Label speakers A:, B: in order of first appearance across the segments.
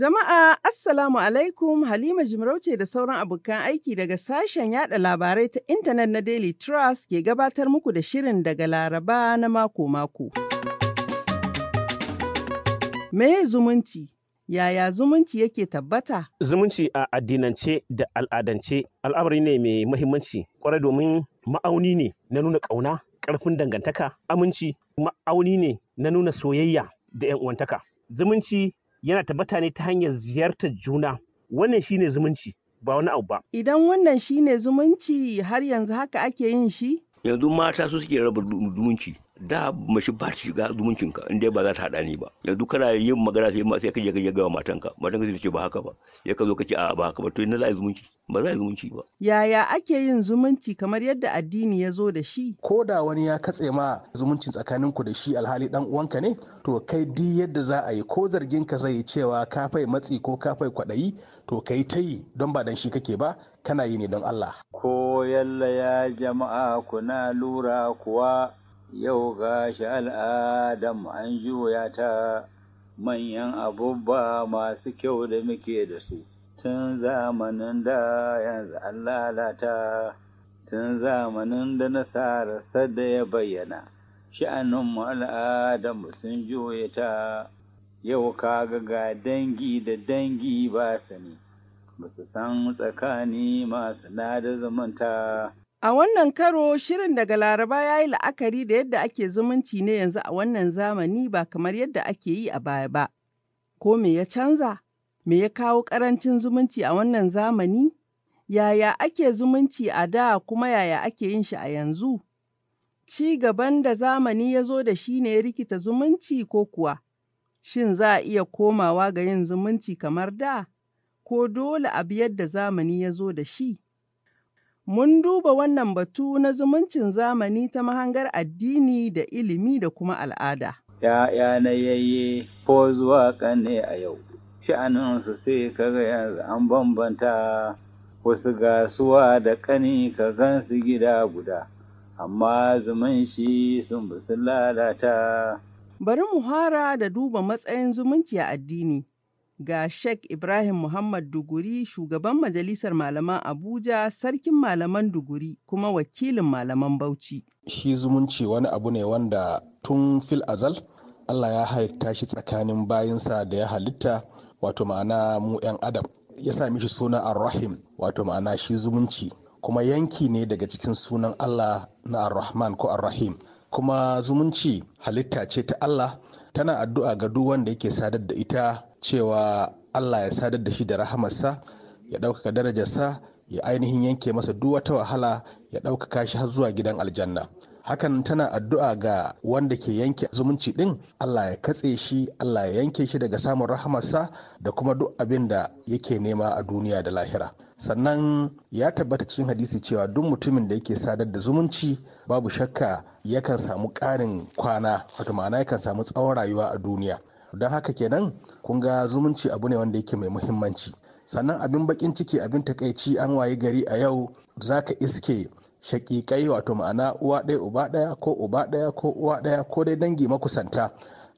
A: Jama'a Assalamu alaikum Halima Jimarauce da sauran abokan aiki daga sashen yada labarai ta intanet na Daily Trust ke gabatar muku da shirin daga Laraba na mako-mako. Me zumunci? Yaya zumunci yake tabbata?
B: Zumunci a addinance da al'adance al'amari ne mai muhimmanci ƙwarai domin ma'auni ne na nuna ƙauna, ƙarfin dangantaka, aminci, ma'auni ne na nuna soyayya da 'yan uwantaka. Zumunci yana ta ne ta hanyar ziyartar juna wannan shine zumunci ba wani abu ba
A: idan wannan shine zumunci har yanzu haka ake yin shi
C: yanzu mata su suke raba zumunci da mashi ba ta ga zumuncin in dai ba za ta haɗa ni ba yanzu kana yin magana sai ma sai ka je ka je ga matanka matanka sai ce ba haka ba ya ka zo ka ce a ba haka ba to ina za a yi zumunci ba za a yi zumunci ba
A: yaya ake yin zumunci kamar yadda addini ya zo da shi ko da wani ya katse ma zumuncin
D: tsakanin ku da shi alhali dan uwanka ne to kai di yadda za a yi ko zargin ka zai cewa ka fai matsi ko ka fai kwaɗayi to kai ta yi don ba dan shi kake ba kana yi ne don Allah
E: ko yalla ya jama'a kuna lura kuwa yau ga shi al'adam an juya ta manyan abubba masu kyau da muke da su tun zamanin da yanzu an lalata tun zamanin da nasara sadda ya bayyana sha'anin mu al'adam sun juya ta yau kaga ga dangi da dangi ba sani ba su san tsakani masu na da
A: zumunta A wannan karo, shirin daga Laraba ya yi la'akari da yadda ake zumunci ne yanzu a wannan zamani ba kamar yadda ake yi a baya ba. Ko me ya canza? Me ya kawo ƙarancin zumunci a wannan zamani? Yaya ake zumunci a da kuma yaya ake yin shi a yanzu? Ci gaban da zamani ya zo da shi ne ya rikita zumunci ko kuwa? Shin za a iya komawa ga yin zumunci kamar da? Ko dole abu yadda zamani ya zo da shi? Mun duba wannan batu na zumuncin zamani ta mahangar addini da ilimi da kuma al'ada.
E: ‘Ya'ya na yayye ko zuwa ƙanne a yau, sha'aninsu sai kaga yanzu an bambanta wasu gasuwa da ƙani ka gansu gida guda, amma zumunci sun bi
A: lalata. Bari mu hara da duba matsayin zumunci a addini. ga Sheikh Ibrahim Muhammad Duguri shugaban Majalisar Malaman Abuja sarkin Malaman Duguri kuma wakilin Malaman Bauchi.
D: Shi zumunci wani abu ne wanda tun fil azal Allah ya halitta shi tsakanin bayinsa da ya halitta wato ma'ana mu 'yan adam ya sa mishi suna ar-rahim wato ma'ana shi zumunci kuma yanki ne daga cikin sunan Allah na ar-rahman ko ar-rahim kuma zumunci halitta ce ta Allah tana addu'a ga duk wanda yake sadar da ita cewa Allah ya sadar da shi da rahamarsa ya ɗaukaka darajarsa ya ainihin yanke masa duk wata wahala ya ɗaukaka shi har zuwa gidan aljanna hakan tana addu'a ga wanda ke yanke zumunci din Allah ya katse shi Allah ya yanke shi daga samun rahamarsa da kuma duk abin da yake nema a duniya da lahira sannan ya tabbata cikin hadisi cewa duk mutumin da yake sadar da zumunci babu shakka yakan samu ƙarin kwana wato ma'ana yakan samu tsawon rayuwa a duniya don haka kenan kun ga zumunci abu ne wanda yake mai muhimmanci sannan abin bakin ciki abin takaici an wayi gari a yau za ka iske shakikai wato ma'ana uwa ɗaya uba ɗaya ko uba ɗaya ko uwa ɗaya ko dai dangi makusanta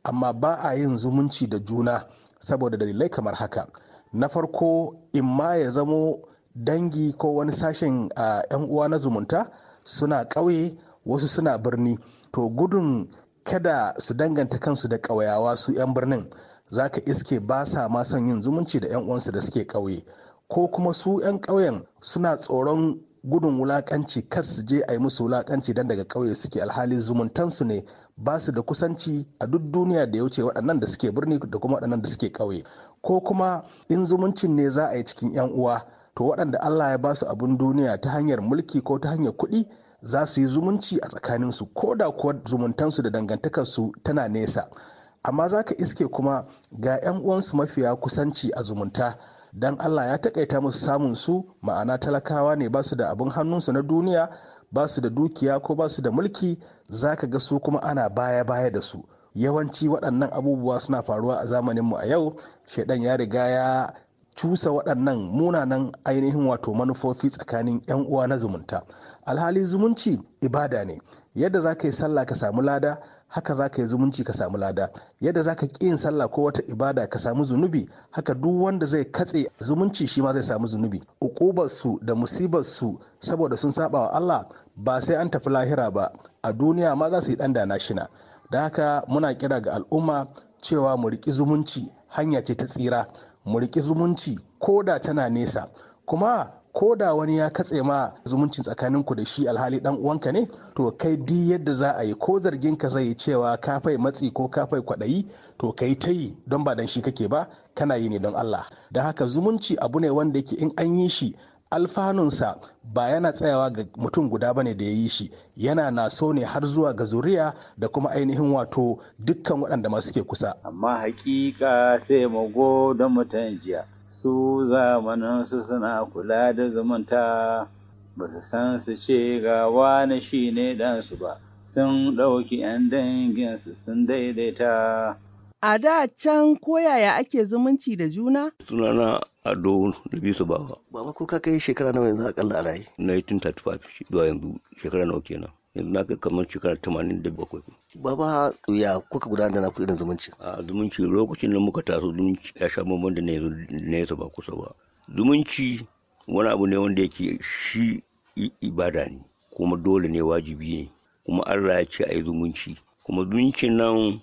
D: amma ba a yin zumunci da juna saboda dalilai kamar haka na farko in ma ya zamo dangi ko wani sashen yan uwa na zumunta suna ƙauye wasu suna birni to gudun kada su danganta kansu da ƙauyawa su 'yan birnin za ka iske ba sa ma son yin zumunci da 'yan uwansu da suke ƙauye ko kuma su 'yan ƙauyen suna tsoron gudun wulaƙanci, kar su je a yi musu wulaƙanci, don daga ƙauye suke alhali zumuntansu ne ba su da kusanci a duk duniya da ya wuce waɗannan da suke birni da kuma waɗannan da suke ƙauye ko kuma in zumuncin ne za a yi cikin 'yan uwa to waɗanda allah ya ba su abin duniya ta hanyar mulki ko ta hanyar kuɗi za su yi zumunci a tsakaninsu ko da kuwa zumuntansu da dangantakarsu tana nesa amma za ka iske kuma ga 'yan uwansu mafiya kusanci a zumunta don allah ya taƙaita musu samun su ma'ana talakawa ne ba su da abin hannunsu na duniya ba su da dukiya ko ba su da mulki za ka ga su kuma ana baya-baya da su yawanci waɗannan abubuwa suna faruwa a zamaninmu a yau shaidan ya riga ya cusa waɗannan munanan ainihin wato manufofi tsakanin 'yan uwa na zumunta alhali zumunci ibada ne yadda za ka yi sallah ka samu lada haka za ka yi zumunci ka samu lada yadda za ka ƙi yin sallah ko wata ibada ka samu zunubi haka duk wanda zai katse zumunci shi ma zai samu zunubi su da musibarsu saboda sun saba wa Allah ba sai an tafi lahira ba a duniya ma za su yi ɗan shina da haka muna kira ga al'umma cewa mu riƙi zumunci hanya ce ta tsira mu riƙi zumunci ko da tana nesa kuma ko da wani ya katse ma zumuncin tsakanin ku da shi alhali dan uwanka ne to kai di yadda za a yi ko zargin ka zai cewa ka fai matsi ko ka fai kwadayi to kai ta yi don ba dan shi kake ba kana yi ne don Allah don haka zumunci abu ne wanda yake in an yi shi alfanunsa ba yana tsayawa ga mutum guda ba ne da ya yi shi yana na so ne har zuwa ga zuriya da kuma ainihin wato dukkan waɗanda masu ke kusa amma
E: hakika sai mu don mutum jiya su su suna kula da zumunta ba su san su ce ga wani shi ne su ba sun ɗauki 'yan danginsu
C: sun daidaita.
A: A da can koyaya ake zumunci da juna?
C: Sunana Ado da bisu bawa. Baba ko ka kai shekara nawa yanzu akalla a raye? 1935 zuwa yanzu shekara nawa kenan. yanzu na kai kamar shekara tamanin da bakwai. Baba ya kuka gudanar da naku irin zumunci? A zumunci lokacin da muka taso zumunci ya sha da na yasa ba kusa ba. Zumunci wani abu ne wanda yake shi ibada ne kuma dole ne wajibi ne kuma Allah ya ce a yi zumunci. Kuma zumunci nan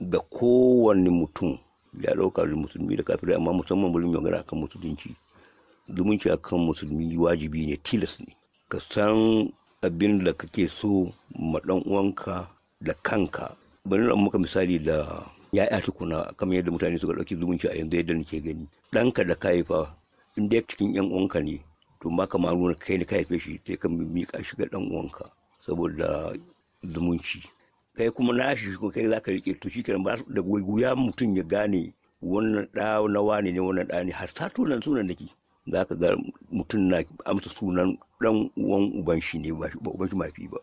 C: da kowane mutum ya ɗauka da musulmi da kafirai amma musamman mulmi magana akan musulunci. Zumunci akan musulmi wajibi ne tilas ne. Ka san abin da kake so ma dan uwanka da kanka bari na muka misali da ya ya'ya tukuna kamar yadda mutane suka ɗauki zumunci a yanzu yadda nake gani ɗanka da kayifa in dai cikin yan uwanka ne to ma ka maru nuna kai ne ka haife shi sai ka miƙa shi ga ɗan uwanka saboda zumunci kai kuma na shi, kuma kai zaka rike to shi kenan ba da goyi mutum ya gane wannan ɗa na wane ne wannan ɗa ne har sato nan sunan da ke za ka ga mutum na amsa sunan dan uwan uban shi ne ba uban shi mafi ba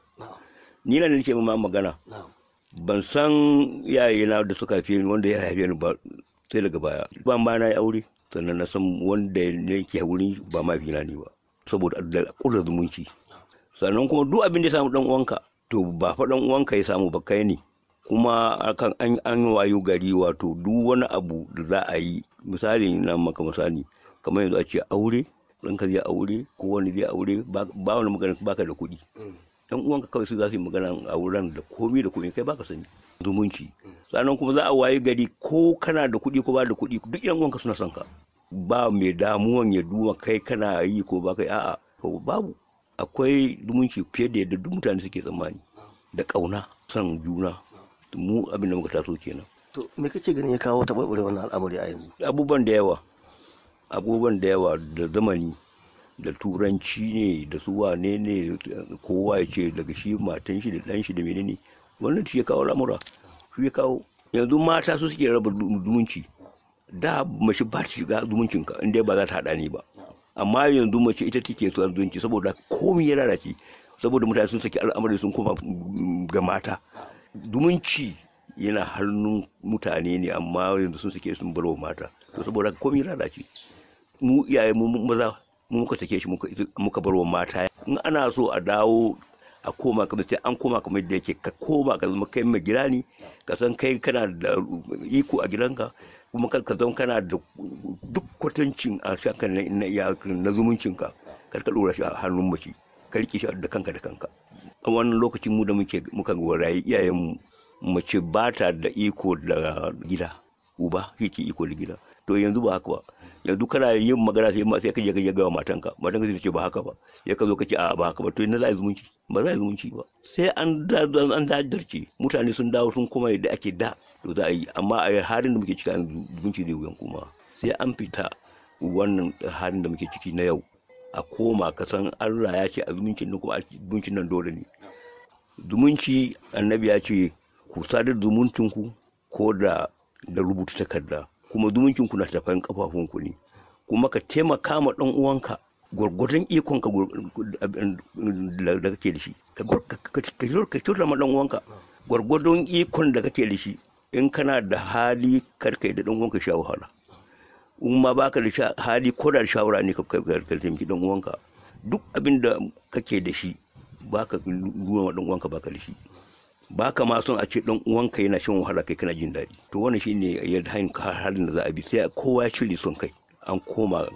C: ni na nake ma magana ban san yaye na da suka fi wanda ya haife ni ba sai daga baya ba ma na yi aure sannan na san wanda ke wurin ba mafi na ne ba saboda da kula zumunci sannan kuma duk abin da ya samu dan uwanka to ba fa dan uwanka ya samu ba kai ne kuma akan an an wayo gari wato duk wani abu da za a yi misali na maka misali kamar yanzu a ce aure ɗanka zai aure ko wani zai aure ba wani magana baka da kuɗi yan uwanka kawai su za su yi magana a wurin da komi da komi kai baka sani zumunci sannan kuma za a waye gari ko kana da kuɗi ko ba da kuɗi duk yan uwanka suna son ka ba mai damuwan ya duma kai kana yi ko ba kai a'a ko babu akwai zumunci fiye da yadda duk mutane suke tsammani da ƙauna son juna mu abin da muka taso kenan to me
F: kake ganin ya kawo taɓarɓarewar al'amari a
C: yanzu abubuwan da yawa abubuwan da yawa da zamani da turanci ne da su wane ne kowa ya ce daga shi matan shi da ɗan shi da menene wannan shi ya kawo lamura shi ya kawo yanzu mata su suke raba zumunci da mace ba ta shiga ka inda ba za ta haɗa ni ba amma yanzu mace ita take so zumunci saboda komi ya lalace saboda mutane sun saki al'amari sun koma ga mata zumunci yana hannun mutane ne amma yanzu sun suke sun bar mata to saboda ya lalace mu iyaye mu maza mu muka take shi muka bar wa mata in ana so a dawo a koma kamar sai an koma kamar da yake ka koma ka zama kai mai gida ne ka san kai kana da iko a gidanka kuma ka zama kana da duk kwatancin a shakan na zumuncinka ka ka dora shi a hannun mace ka riƙe shi da kanka da kanka a wannan lokacin mu da muke muka gorayi mu mace bata da iko da gida uba shi ke iko da gida to yanzu ba haka ba yanzu kana yin magana sai sai kaje kaje ga matanka matanka sai ce ba haka ba ya ka zo kace a ba haka ba to yanzu za a zumunci ba za a yi zumunci ba sai an an dadarce mutane sun dawo sun koma yadda ake da to za a yi amma a halin da muke ciki an zumunci zai wuyan kuma sai an fita wannan halin da muke ciki na yau a koma ka san Allah ya ce a zumuncin nan kuma zumuncin nan dole ne zumunci annabi ya ce ku sadar zumuncinku ko da da rubuta takarda kuma zumuncin na tafayin kafafun ne kuma ka taimaka ma ɗan uwanka gwargwadon ikon ka da kake da shi ka kyauta ma ɗan uwanka gwargwadon ikon da kake da shi in kana da hali karkai da ɗan uwanka sha wahala in ma baka da hali ko da shawara ne ka taimaki ɗan uwanka duk abin da kake da shi baka nuna ma ɗan uwanka baka da shi ba ka ma son a ce dan uwanka yana shan wahala kai kana jin daɗi to wannan shine yadda hain halin da za a bi sai kowa ya shirya son kai an koma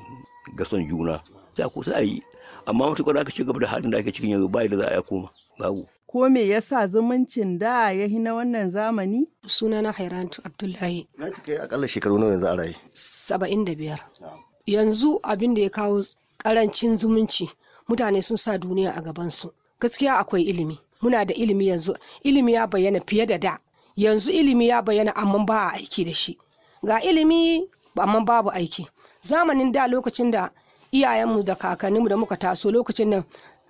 C: ga son juna sai ko sai a yi amma matuƙar aka ci gaba da halin da ake cikin yanzu ba da za a yi koma babu
A: ko me yasa zumuncin da ya hi na wannan
G: zamani? Suna na Hairantu Abdullahi. Na ci kai
C: akalla shekaru nawa yanzu a raye?
G: Saba'in da biyar. Yanzu abin da ya kawo karancin zumunci mutane sun sa duniya a gabansu. Gaskiya akwai ilimi. muna da ilimi yanzu ilimi ya bayyana fiye da da yanzu ilimi ya bayyana amma ba a aiki da shi ga ilimi amma babu aiki zamanin da lokacin da iyayenmu da kakanninmu da muka taso lokacin nan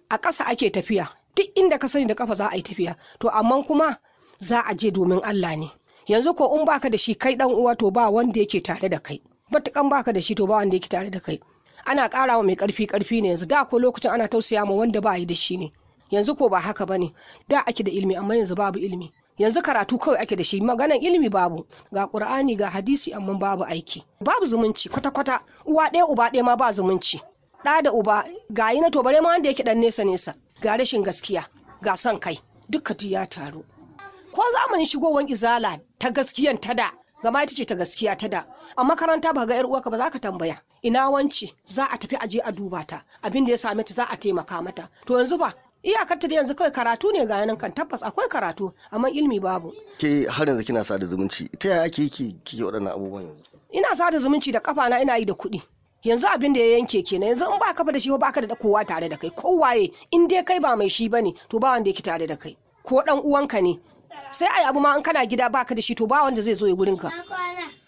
G: a ƙasa ake tafiya duk inda ka sani da kafa za a yi tafiya to amma kuma za a je domin Allah ne yanzu ko in baka da shi kai dan uwa to ba wanda yake tare da kai matukan baka da shi to ba wanda yake tare da kai ana ƙara mai karfi karfi ne yanzu da ko lokacin ana tausaya ma wanda ba yi da shi ne yanzu ko ba haka bane da ake da ilimi amma yanzu babu ilimi yanzu karatu kawai ake da shi maganan ilimi babu ga qur'ani ga hadisi amma babu aiki babu zumunci kwata kwata uwa ɗaya uba ɗaya ma ba zumunci ɗa da uba ga yi na to bare ma wanda yake dan nesa nesa ga rashin gaskiya ga son kai dukka ya taru ko zamanin shigowar izala ta gaskiyan ta da gama ita ce ta gaskiya ta da a makaranta ba ga yar uwarka ba za ka tambaya ina wance za a tafi aje a duba ta abin da ya same ta za a taimaka mata to yanzu ba iyakar ta yanzu kawai karatu ne ga yanan kan tabbas akwai karatu amma ilimi babu
F: ke har yanzu kina sada zumunci ta yaya ake ki kike waɗannan abubuwan yanzu
G: ina sada zumunci da kafa na ina yi da kuɗi yanzu abin da ya yanke kenan yanzu in ba kafa da shi ba ka da kowa tare da kai kowaye in dai kai ba mai shi bane to ba wanda yake tare da kai ko dan uwanka ne sai ai abu ma in kana gida baka da shi to ba wanda zai zo ya gurin ka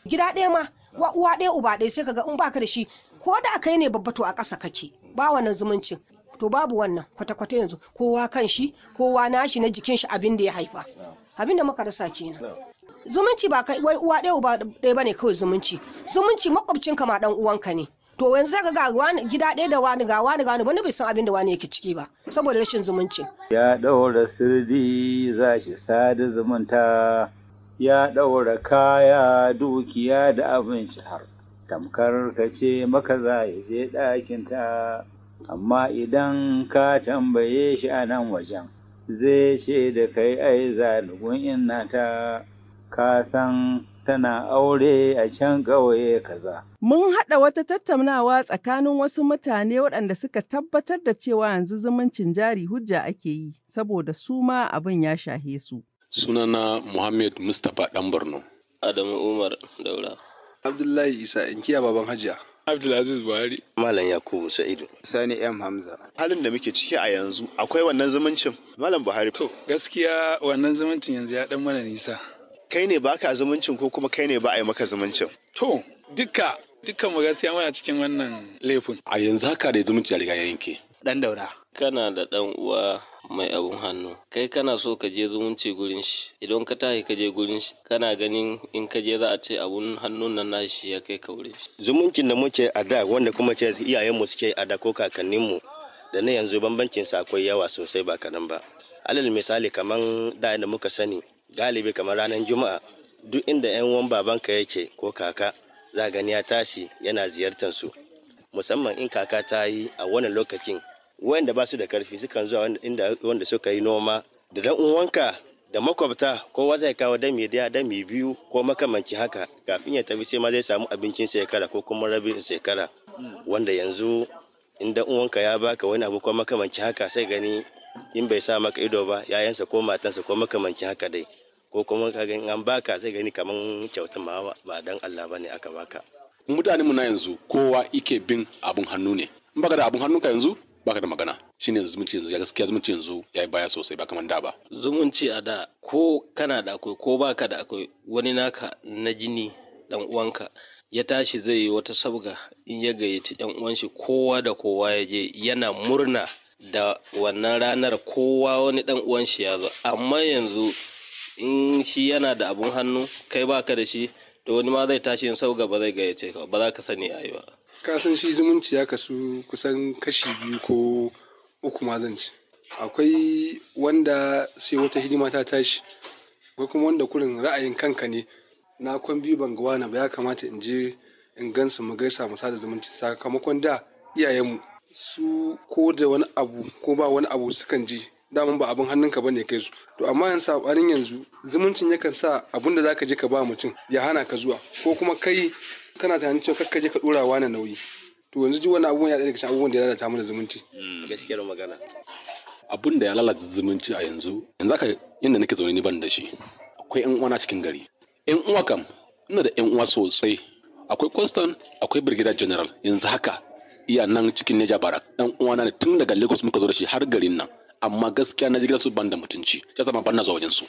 G: gida ɗaya ma wa uwa ɗaya uba ɗaya sai kaga in baka da shi ko da kai ne babba to a ƙasa kake ba wannan zumuncin to babu wannan kwata-kwata yanzu kowa kan shi kowa nashi na jikin shi abin da ya haifa abin da muka rasa kenan zumunci ba kai wai uwa ɗaya ba ɗaya bane kawai zumunci zumunci makwabcin ma dan uwanka ne to yanzu zaka ga gida ɗaya da wani ga wani ga wani bane bai san abin da wani yake ciki ba saboda rashin zumunci
E: ya ɗaura sirri za shi sadu zumunta ya ɗaura kaya dukiya da abinci har tamkar ka ce maka za ya je ɗakinta amma idan ka tambaye shi a nan wajen zai ce da kai ai zalugun inna ta ka san tana aure a can ƙauye kaza.
A: Mun haɗa wata tattaunawa tsakanin wasu mutane waɗanda suka tabbatar da cewa yanzu zumuncin jari hujja ake yi saboda su ma abin ya shahe su.
H: Sunana Muhammad
D: Mustapha Ɗan Borno.
I: Adamu Umar Daura. Abdullahi Isa Inkiya Baban Hajiya. Abdulaziz Buhari. Malam Yakubu Sa'idu. Sani M Hamza. Halin da muke ciki a yanzu akwai wannan zumuncin Malam Buhari. To gaskiya wannan zumuncin yanzu ya dan mana nisa.
F: Kai ne baka zumuncin ko kuma kai ne ba a yi maka zumuncin?
D: To dukka dukkan mu gaskiya muna cikin wannan laifin. A yanzu haka da zumunci a riga yanke. Dan daura.
H: Kana da dan uwa mai abun hannu kai kana so ka je zumunci gurin shi idan ka tahi ka je gurin shi kana ganin in ka je za a ce abun hannun nan nashi ya kai ka wurin shi
F: zumuncin da muke a da wanda kuma ce iyayen mu suke a da ko kakannin mu da na yanzu bambancin sa yawa sosai ba kadan ba alal misali kaman da da muka sani galibi kamar ranar juma'a duk inda yan uwan babanka yake ko kaka za gani ya tashi yana ziyartar su musamman in kaka ta yi a wannan lokacin wanda ba su da karfi sukan zuwa inda wanda suka yi noma da dan uwanka da makwabta kowa zai kawo dami daya dami biyu ko makamanci haka kafin ya tafi sai ma zai samu abincin shekara ko kuma rabin shekara wanda yanzu inda dan uwanka ya baka wani abu ko makamanci haka sai gani in bai sa maka ido ba yayansa ko matansa ko makamanci haka dai ko kuma ka gani an baka sai gani kaman kyautar ma ba dan Allah bane aka baka
D: mutanen mu na yanzu kowa ike bin abun hannu ne in baka da abun hannunka yanzu baka da magana shine zumunci yanzu
H: ya gaskiya zumunci yanzu ya yi baya sosai ba kamar da ba zumunci a da ko kana da akwai ko baka da akwai wani naka na jini dan uwanka ya tashi zai yi wata sabga in ya gayyaci dan uwan shi kowa da kowa ya je yana murna da wannan ranar kowa wani dan uwan shi ya zo amma yanzu in shi yana da abun hannu kai baka da shi to wani ma zai tashi in sabga ba zai gayyace ka ba za ka sani ayi ba
I: ka san shi zumunci ya kasu kusan kashi biyu ko uku ma zan ci akwai wanda sai wata hidima ta tashi akwai kuma wanda kurin ra'ayin kanka ne na kwan biyu ban ga wani ba ya kamata in je in gansu mu gaisa mu sada zumunci sakamakon da iyayenmu su ko da wani abu ko ba wani abu sukan ji daman ba abin hannunka bane kai su to amma yan sabanin yanzu zumuncin yakan sa abun da zaka je ka ba mutum ya hana ka zuwa ko kuma kai kana tunanin cewa kakka je ka dora wani nauyi to yanzu ji wani abubuwan ya daga cikin abubuwan da ya lalata da zumunci
D: hmm. gaskiyar magana abun da ya lalata zumunci a yanzu yanzu aka inda nake zaune ni ban da shi akwai yan uwa na cikin gari yan uwa kam ina da yan uwa sosai akwai constant akwai brigadier general yanzu haka iya nan cikin Neja Barak dan uwa ne tun daga Lagos muka zo da shi har garin nan amma gaskiya na ji gidansu ban da mutunci ya zama ban na zuwa wajen su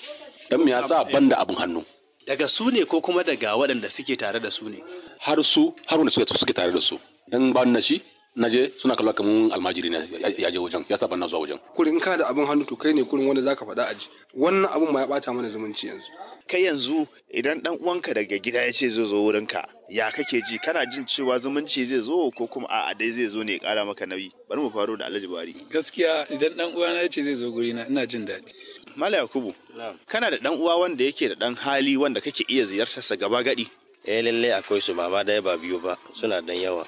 D: dan me yasa ban da abun hannu daga su ne ko kuma daga waɗanda suke tare da su ne har su har wanda suke tare da su dan ba na shi na je suna kallon kamun almajiri ne ya je wajen ya saba na zuwa wajen
I: kurin ka da abin hannu to kai ne kurin wanda zaka faɗa aji wannan abin ma ya bata mana zumunci yanzu kai
F: yanzu idan dan uwanka daga gida ya ce zai zo wurinka ya kake ji kana jin cewa zumunci zai zo ko kuma a'a dai zai zo ne ƙara kara maka nauyi bari mu faro da Alhaji Buhari gaskiya idan dan uwana ya ce zai zo gurina ina jin daɗi Mala Yakubu. Kana da ɗan uwa wanda yake da dan hali wanda kake iya ziyartarsa gaba gadi. Eh lalle akwai su mama da ba biyu ba suna dan yawa.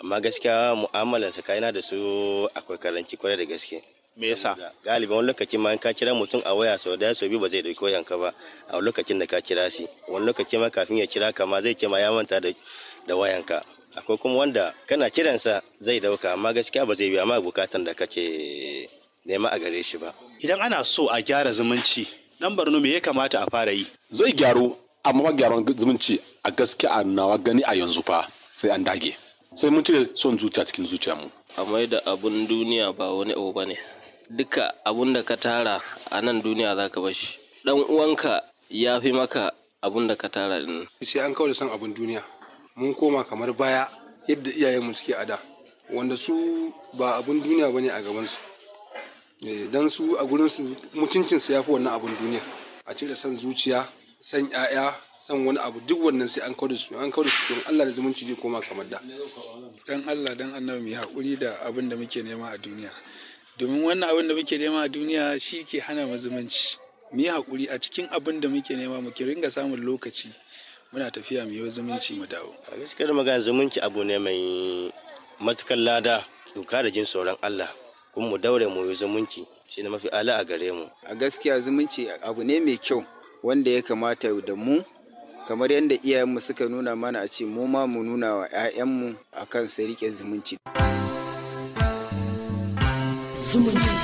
F: Amma gaskiya mu'amalar tsakanin da su akwai karanci kwarai da gaske. Me yasa? Galiban wani lokacin ma ka kira mutum a waya sau da sau biyu ba zai dauki ka ba a lokacin da ka kira shi. Wani lokacin ma kafin ya kira ka ma zai ce ma ya manta da wayanka. akwai kuma wanda kana kiransa zai dauka amma gaskiya ba zai biya ma bukatan da kake nema a gare shi ba idan ana so a gyara zumunci lambar barno me ya kamata a fara yi
D: zai gyaru amma ba gyaran zumunci a gaskiya a nawa gani a yanzu fa sai an dage sai mun cire son zuciya cikin zuciya mu
H: amma da abun duniya ba wani abu ne duka abun da ka tara a nan duniya za ka bashi dan uwanka ya fi maka abun da ka tara din
I: sai an kawo da son abun duniya mun koma kamar baya yadda iyayenmu suke a da wanda su ba abun duniya ba ne a gabansu Eh, don su a gurin su mutuncin su yafi wannan abun duniya a cire san zuciya san ƴaƴa san wani abu duk wannan sai an kawo da su an kawo da su don Allah da zumunci zai koma kamar da dan Allah dan annabi mu hakuri da abin da muke nema a duniya domin wannan abin da muke nema a duniya shi ke hana mu zumunci mu yi hakuri a cikin abin da muke nema mu ringa samun lokaci muna tafiya mu yi zumunci mu dawo a
F: gaskiyar magana zumunci abu ne mai matukar lada doka da jin tsoron Allah Kun mu daure mu zumunci shi ne mafi ala a gare mu a gaskiya zumunci abu ne mai kyau wanda ya kamata da mu kamar yadda iyayenmu suka nuna mana a ce mu ma mu nuna wa 'ya'yanmu a kan su zumunci.
G: zumunci.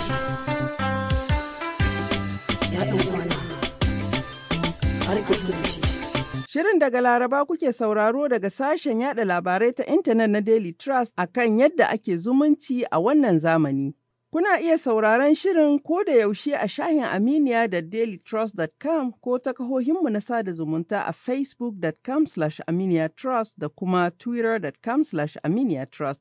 A: Shirin daga Laraba kuke sauraro daga sashen yada labarai ta intanet na Daily Trust akan yadda ake zumunci a wannan zamani. Kuna iya sauraron shirin ko da yaushe a shahin Aminiya da dailytrust.com ko ta kahohinmu na sada zumunta a facebook.com aminiyatrust da kuma twitter.com aminiyatrust.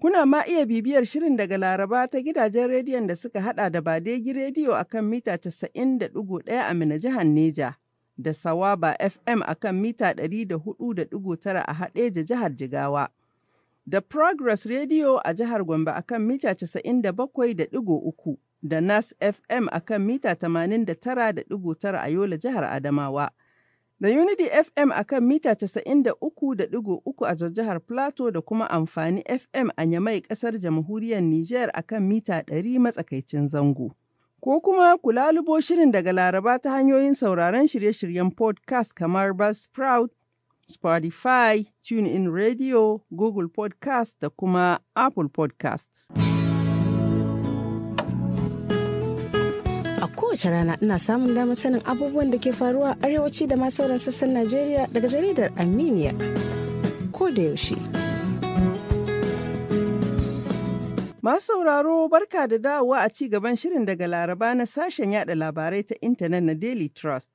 A: Kuna ma iya bibiyar shirin daga Laraba ta gidajen rediyon da suka hada da Badegi Rediyo a kan mita 90.1 a Mina jihar Neja da Sawaba FM a kan mita 104.9 a Haɗeja jihar Jigawa. da Progress Radio a jihar Gombe akan mita 97.3 da Nas FM akan mita 89.9 a Yola jihar Adamawa. Da Unity FM akan mita 93.3 a jihar Plateau da kuma amfani FM a Nyamai kasar jamhuriyar Nijar akan mita 100 matsakaicin zango. Ko kuma ku lalubo shirin daga Laraba ta hanyoyin sauraron shirye-shiryen podcast kamar Buzzsprout Spotify, TuneIn Radio, Google Podcast da kuma Apple Podcast. A kowace rana ina
J: samun damar sanin abubuwan da ke faruwa arewaci
A: da ma sauran sassan Najeriya daga jaridar Armenia. Ko da yaushe. Masu sauraro barka da dawowa a ci gaban shirin daga Laraba na sashen yada labarai ta intanet na Daily Trust.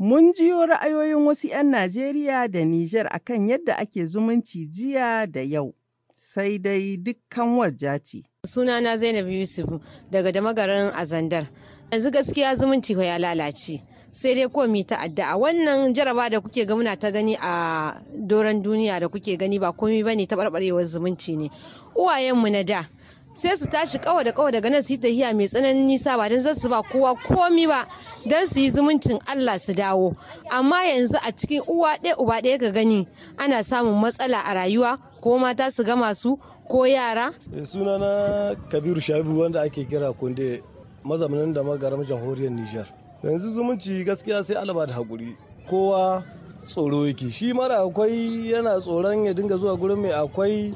A: Mun jiyo ra'ayoyin wasu ‘yan Najeriya da Nijar akan yadda ake zumunci jiya
G: da yau, sai dai dukkan warja ce. Sunana Zainab Yusuf daga damagarin Azandar. Yanzu gaskiya zumunci ya lalace. sai dai komi ta'adda a wannan jaraba da kuke ga ta gani a doron duniya da kuke gani ba komi ba ne ta barbarewar zumunci ne uwayenmu na da sai su tashi kawa da kawa daga nan su yi tahiya mai tsananin nisa ba don su ba kowa komi ba don su yi zumuncin Allah su dawo amma yanzu a cikin uwa ɗaya uba ɗaya ga gani ana samun matsala a rayuwa ko mata su gama su ko yara
D: eh, suna na kabiru shabibu wanda ake kira kunde mazaunin da magaram jamhuriyar nijar yanzu zumunci gaskiya sai alaba da haƙuri kowa tsoro yake shi mara akwai yana tsoron ya dinga zuwa gurin mai akwai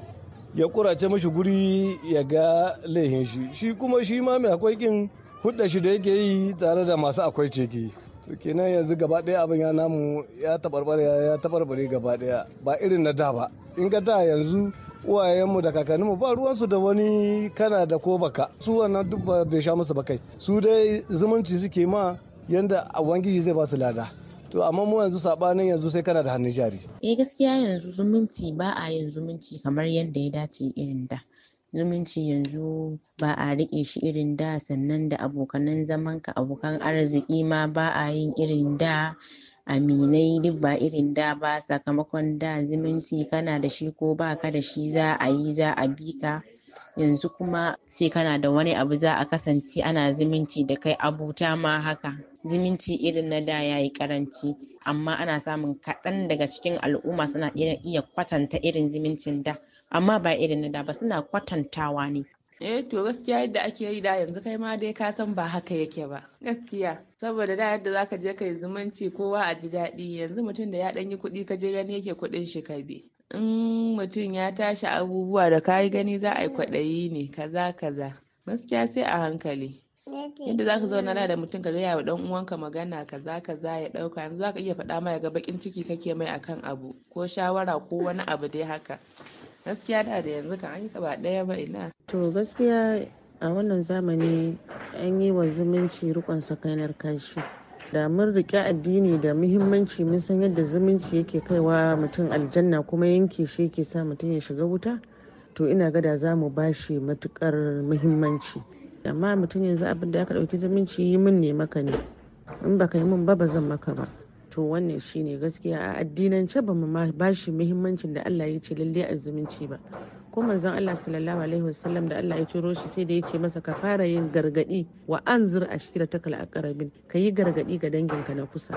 D: ya kurace mashi guri ya ga laihin shi shi kuma shi ma mai akwai kin hudda shi da yake yi tare da masu akwai ceki to kenan yanzu gaba daya abin ya namu ya tabarbare ya tabarbare gaba daya ba irin na da ba in ga da yanzu uwayenmu da kakanninmu ba ruwansu da wani kana da ko baka su wannan duk bai sha musu bakai su dai zumunci suke ma yanda ubangiji zai ba su lada to amma mu yanzu sabanin yanzu sai kana da hannun jari
J: eh gaskiya yanzu zumunci ba a yin zumunci kamar yadda ya dace irin da zumunci yanzu ba a rike shi irin da sannan da abokanan zamanka abokan arziki ma ba a yin irin da aminai duk ba irin da ba sakamakon da zumunci kana da shi ko ba ka da shi za a yi za a bi ka yanzu kuma sai kana da wani abu za a kasance ana zumunci da kai abuta ma haka zumunci irin na da yayi karanci amma ana samun kaɗan daga cikin al'umma suna iya kwatanta irin zumuncin da amma ba irin na da ba suna kwatantawa ne eh to gaskiya yadda ake yi da yanzu kai ma dai ka san ba haka yake ba gaskiya saboda da yadda zaka je kai zumunci kowa a ji daɗi yanzu mutum da ya ɗan yi kuɗi ka je gani yake kuɗin shi ka bi in mutum ya tashi abubuwa da kayi gani za a yi kwaɗayi ne kaza kaza gaskiya sai a hankali
H: yadda za ka zauna na da
J: mutum ka gaya wa dan uwanka magana kaza kaza ya ɗauka, yanzu za ka iya faɗa mai ga bakin ciki kake mai akan abu ko shawara ko wani abu dai haka gaskiya da da yanzu kan an ba ɗaya ba ina to gaskiya a wannan zamani an yi wa zumunci rikon sakainar kashi da mun rike addini da muhimmanci mun san yadda zumunci yake kaiwa mutum aljanna kuma yanke shi yake sa mutum ya shiga wuta to ina gada za mu bashi matukar muhimmanci amma mutum yanzu abin da aka ɗauki zumunci yi min ne maka ne in baka yi min ba ba zan maka ba to wannan shine gaskiya a addinance ba mu bashi muhimmancin da Allah ya ce lalle a zumunci ba ko manzon Allah sallallahu alaihi wasallam da Allah ya turo shi sai da ya ce masa ka fara yin gargadi wa anzir ashira takal aqrabin ka yi gargadi ga danginka na kusa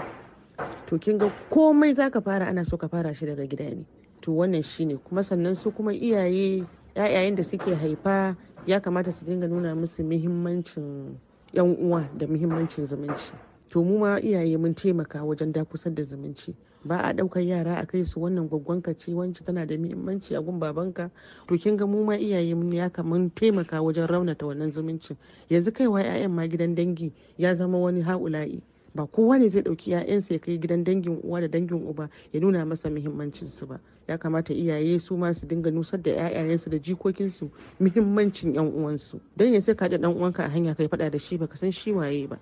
J: to kin ga komai zaka fara ana so ka fara shi daga gida ne to wannan shine kuma sannan su kuma iyaye yayayen da suke haifa ya kamata su dinga nuna musu muhimmancin yan uwa da muhimmancin zumunci to mu ma iyaye mun taimaka wajen dakusar da zumunci ba a ɗaukar yara a kai su wannan gwaggwanka ce wance tana da muhimmanci a gun babanka to kin ga mu ma iyaye mun ya kaman taimaka wajen raunata wannan zumuncin yanzu kaiwa 'ya'yan ma gidan dangi ya zama wani ha'ula'i ba kowa ne zai ɗauki 'ya'yansa ya kai gidan dangin uwa da dangin uba ya nuna masa muhimmancin su ba ya kamata iyaye su ma su dinga nusar da 'ya'yayensu da jikokinsu muhimmancin 'yan uwansu don ya sai ka da ɗan uwanka a hanya kai faɗa da shi ka san shi waye ba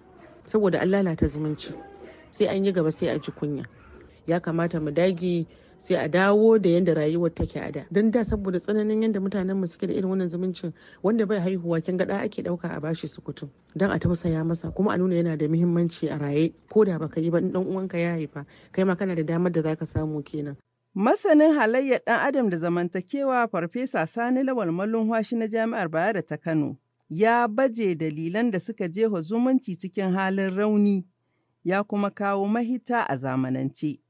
J: saboda an lalata zumunci sai an yi gaba sai a ji kunya ya kamata mu dage sai a dawo da yadda rayuwar take a da don da saboda tsananin yadda mutanen mu suke da irin wannan zumuncin wanda bai haihuwa kin gada ake dauka a bashi su kutu don a tausaya masa kuma a nuna yana da muhimmanci a raye ko da baka yi ba dan uwanka ya
A: haifa kai ma kana da damar da zaka samu kenan Masanin halayyar ɗan Adam da zamantakewa Farfesa Sani Lawal Malumhashi na Jami'ar Bayero ta Kano ya baje dalilan da suka jefa zumunci cikin halin rauni ya kuma kawo mahita a zamanance.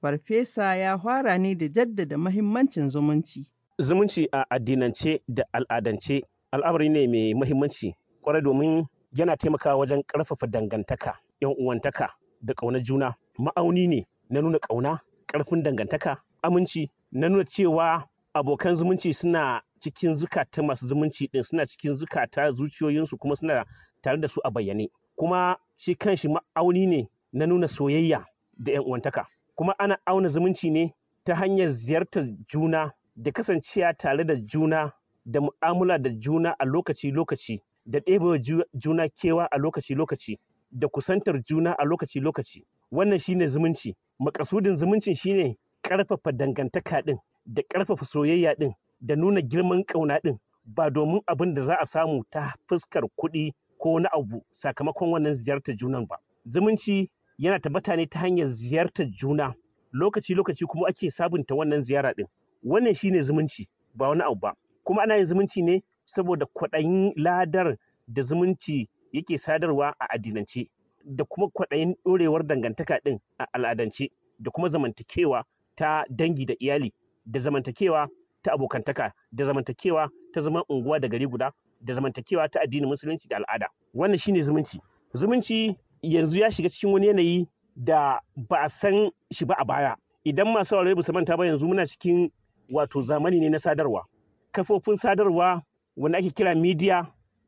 A: Farfesa ya fara ne da jaddada mahimmancin zumunci.
B: Zumunci a addinance da al'adance al'amari ne mai mahimmanci kwarai domin yana taimakawa wajen ƙarfafa dangantaka, yan uwantaka da ƙaunar juna. Ma'auni ne na nuna ƙauna, ƙarfin dangantaka, aminci, na nuna cewa abokan zumunci suna cikin zukata masu zumunci ɗin suna cikin zukata zuciyoyinsu kuma suna tare da su a bayyane. Kuma shi kanshi ma'auni ne na nuna soyayya da 'yan uwantaka. kuma ana auna zumunci ne ta hanyar ziyartar juna da kasancewa tare da juna da mu'amala da juna a lokaci-lokaci da ɗebewa juna kewa a lokaci-lokaci da kusantar juna a lokaci-lokaci wannan shine zumunci makasudin zumuncin shine ƙarfafa dangantaka ɗin da ƙarfafa soyayya ɗin da nuna girman ƙauna ɗin ba domin abin da za a samu ta fuskar kuɗi ko na abu sakamakon wannan ziyartar junan ba zumunci yana ta mutane ta hanyar ziyartar juna lokaci-lokaci kuma ake sabunta wannan ziyara din. wannan shine zumunci ba wani abu ba kuma ana yin zumunci ne saboda kwaɗayin ladar da zumunci yake sadarwa a addinance da kuma kwaɗayin ɗorewar dangantaka din a al'adance da kuma zamantakewa ta dangi da iyali da zamantakewa ta abokantaka da zamantakewa ta zaman unguwa da gari guda da zamantakewa ta addinin musulunci da al'ada wannan shine zumunci zumunci yanzu ya shiga cikin wani yanayi da ba a san shi ba a baya idan masu saurare ba su manta ba yanzu muna cikin wato zamani ne na sadarwa kafofin sadarwa wanda ake kira media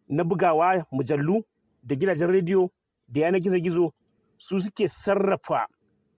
B: na bugawa mujallu da gidajen rediyo da yanar gizo-gizo su suke sarrafa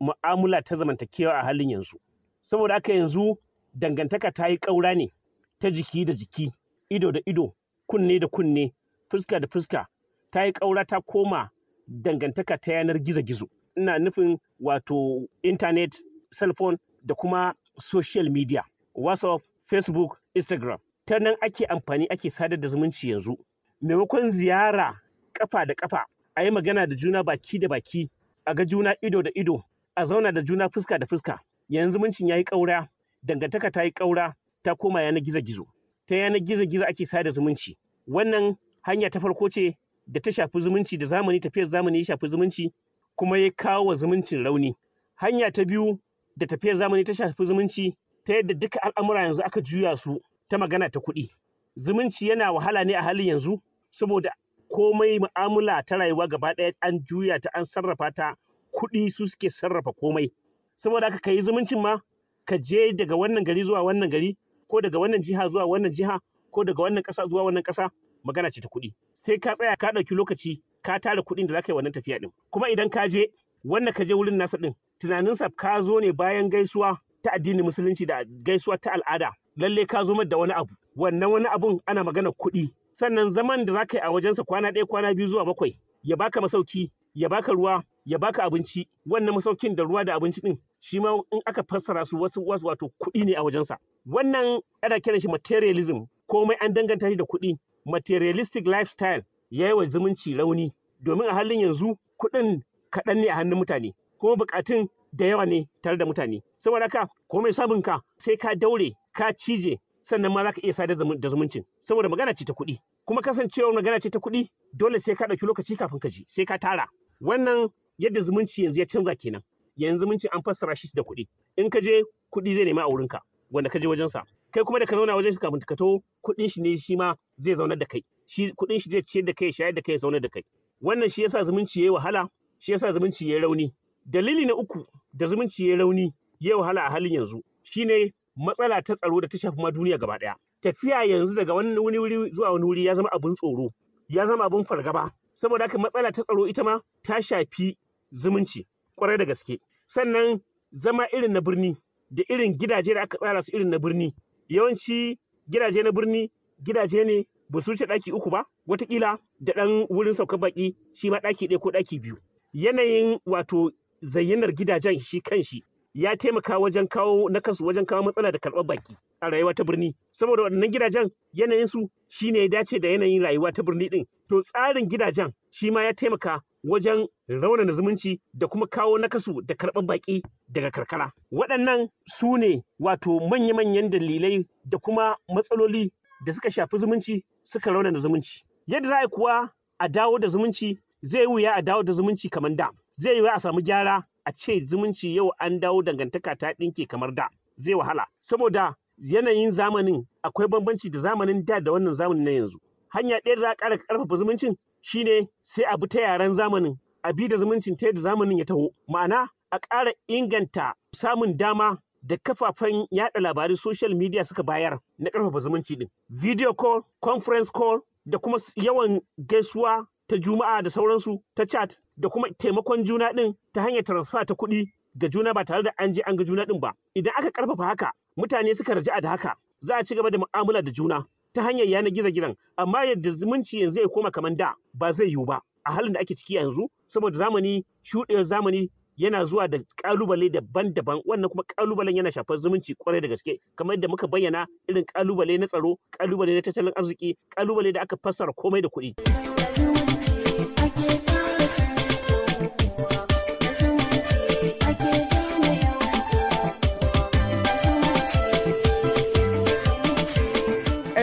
B: mu'amala ta zamantakewa a halin yanzu saboda haka yanzu dangantaka ta yi ƙaura ne ta jiki da jiki ido da ido kunne da kunne fuska da fuska ta yi ƙaura ta koma dangantaka ta yanar gizo-gizo ina nufin wato intanet cellphone da kuma social media whatsapp facebook instagram ta nan ake amfani ake sadar da zumunci yanzu maimakon ziyara kafa da kafa a yi magana da juna baki da baki a ga juna ido da ido a zauna da juna fuska da fuska yanzu zumuncin ya yi ƙaura dangantaka ta yi ƙaura ta koma yanar gizo-gizo ta yanar gizo-gizo ake sada zumunci wannan hanya ta farko ce da ta shafi zumunci da zamani tafiyar zamani ya shafi zumunci kuma ya kawo wa zumuncin rauni hanya ta biyu da tafiyar zamani ta shafi zumunci ta yadda duka al'amura yanzu aka juya su ta magana ta kuɗi zumunci yana wahala ne a halin yanzu saboda komai mu'amala ta rayuwa gaba ɗaya an juya ta an sarrafa ta kuɗi su suke sarrafa komai saboda haka ka yi zumuncin ma ka je daga wannan gari zuwa wannan gari ko daga wannan jiha zuwa wannan jiha ko daga wannan ƙasa zuwa wannan ƙasa magana ce ta kuɗi sai ka tsaya ka ɗauki lokaci ka tara kuɗin da ka yi wannan tafiya ɗin kuma idan ka je wannan ka je wurin nasa ɗin tunaninsa ka zo ne bayan gaisuwa ta addinin musulunci da gaisuwa ta al'ada lalle ka zo da wani abu wannan wani abun ana magana kuɗi sannan zaman da zaka yi a wajensa kwana ɗaya kwana biyu zuwa bakwai ya baka masauki ya baka ruwa ya baka abinci wannan masaukin da ruwa da abinci ɗin shi ma in aka fassara su wasu wasu wato kuɗi ne a wajensa wannan ana kiran shi materialism komai an danganta shi da kuɗi materialistic lifestyle ya yi wa zumunci rauni domin a halin yanzu kuɗin kaɗan ne a hannun mutane kuma buƙatun da yawa ne tare da mutane saboda ka komai samun ka sai ka daure ka cije sannan ma za ka iya sadar da zumuncin saboda magana ce ta kuɗi kuma kasancewar magana ce ta kuɗi dole sai ka ɗauki lokaci kafin ka ji sai ka tara wannan yadda zumunci yanzu ya canza kenan yanzu zumunci an fassara shi da kuɗi in ka je kuɗi zai nema a wurinka wanda ka je wajen sa kai kuma da ka zauna wajen shi kafin ka to kuɗin shi ne shi ma zai zaunar da kai shi kuɗin shi zai ciyar da kai shayar da kai zaunar da kai wannan shi yasa zumunci yayi wahala shi yasa zumunci yayi rauni dalili na uku da zumunci yayi rauni yayi wahala a halin yanzu shine matsala ta tsaro da ta shafi ma duniya gaba ɗaya. tafiya yanzu daga wani wuri zuwa wani wuri ya zama abin tsoro ya zama abin fargaba saboda haka matsala ta tsaro ita ma ta shafi zumunci kwarai da gaske sannan zama irin na birni da irin gidaje da aka tsara su irin na birni yawanci gidaje na birni gidaje ne ba su wuce ɗaki uku ba watakila da ɗan wurin saukar baƙi shi ma ɗaki ɗaya ko ɗaki biyu yanayin wato zayyanar gidajen shi kan shi. ya taimaka wajen kawo na kansu wajen kawo matsala da karɓar baki a rayuwa ta birni saboda waɗannan gidajen yanayin su shine ya dace da yanayin rayuwa ta birni din to tsarin gidajen shi ma ya taimaka wajen raunana zumunci da kuma kawo nakasu da karɓar baƙi daga karkara. Waɗannan su ne wato manya-manyan dalilai da kuma matsaloli da suka shafi zumunci suka raunana zumunci. Yadda za a kuwa a dawo da zumunci zai wuya a dawo da zumunci kamar da. Zai wuya a samu gyara a ce zumunci yau an dawo dangantaka ta ɗinke kamar da zai wahala saboda yanayin zamanin akwai bambanci da zamanin da da wannan zamanin na yanzu hanya ɗaya za a ƙara ƙarfafa zumuncin shine sai a bi ta yaren zamanin a bi da zumuncin ta yadda zamanin ya taho ma'ana a ƙara inganta samun dama da kafafen yaɗa labarai social media suka bayar na ƙarfafa zumunci din video call conference call da kuma yawan gaisuwa ta juma'a da sauransu ta chat da kuma taimakon juna ɗin ta hanyar transfer ta kuɗi ga juna ba tare da an je an ga juna ɗin ba idan aka karfafa haka mutane suka raja'a da haka za a ci gaba da mu'amala da juna ta hanyar yanar gizo-gizon amma yadda zumunci yanzu ya koma kamar da ba zai yiwu ba a halin da ake ciki yanzu saboda zamani shuɗiyar zamani yana zuwa da ƙalubale daban-daban wannan kuma kalubalen yana shafar zumunci kwarai da gaske kamar yadda muka bayyana irin kalubale na tsaro ƙalubale na tattalin arziki kalubale da aka fassara komai da kuɗi.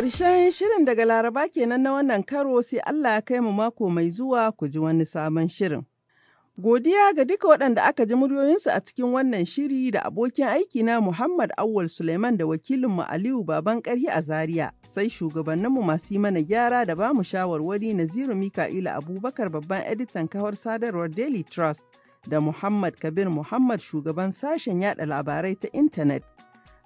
A: Ƙarshen shirin daga Laraba kenan na wannan karo sai Allah ya kai mu mako mai zuwa ku ji wani sabon shirin. Godiya ga duka waɗanda aka ji muryoyinsu a cikin wannan shiri da abokin aikina Muhammad Awwal Suleiman da wakilin mu Aliyu Baban Ƙarhi a Zaria, sai shugabanninmu masu yi mana gyara da bamu shawarwari Naziru Mika'ila Abubakar babban editan kawar sadarwar Daily Trust da Muhammad Kabir Muhammad shugaban sashen yada labarai ta intanet.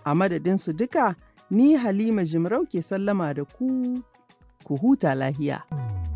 A: A madadin su duka, ni Halima Jimarau ke sallama da ku, ku huta lahiya.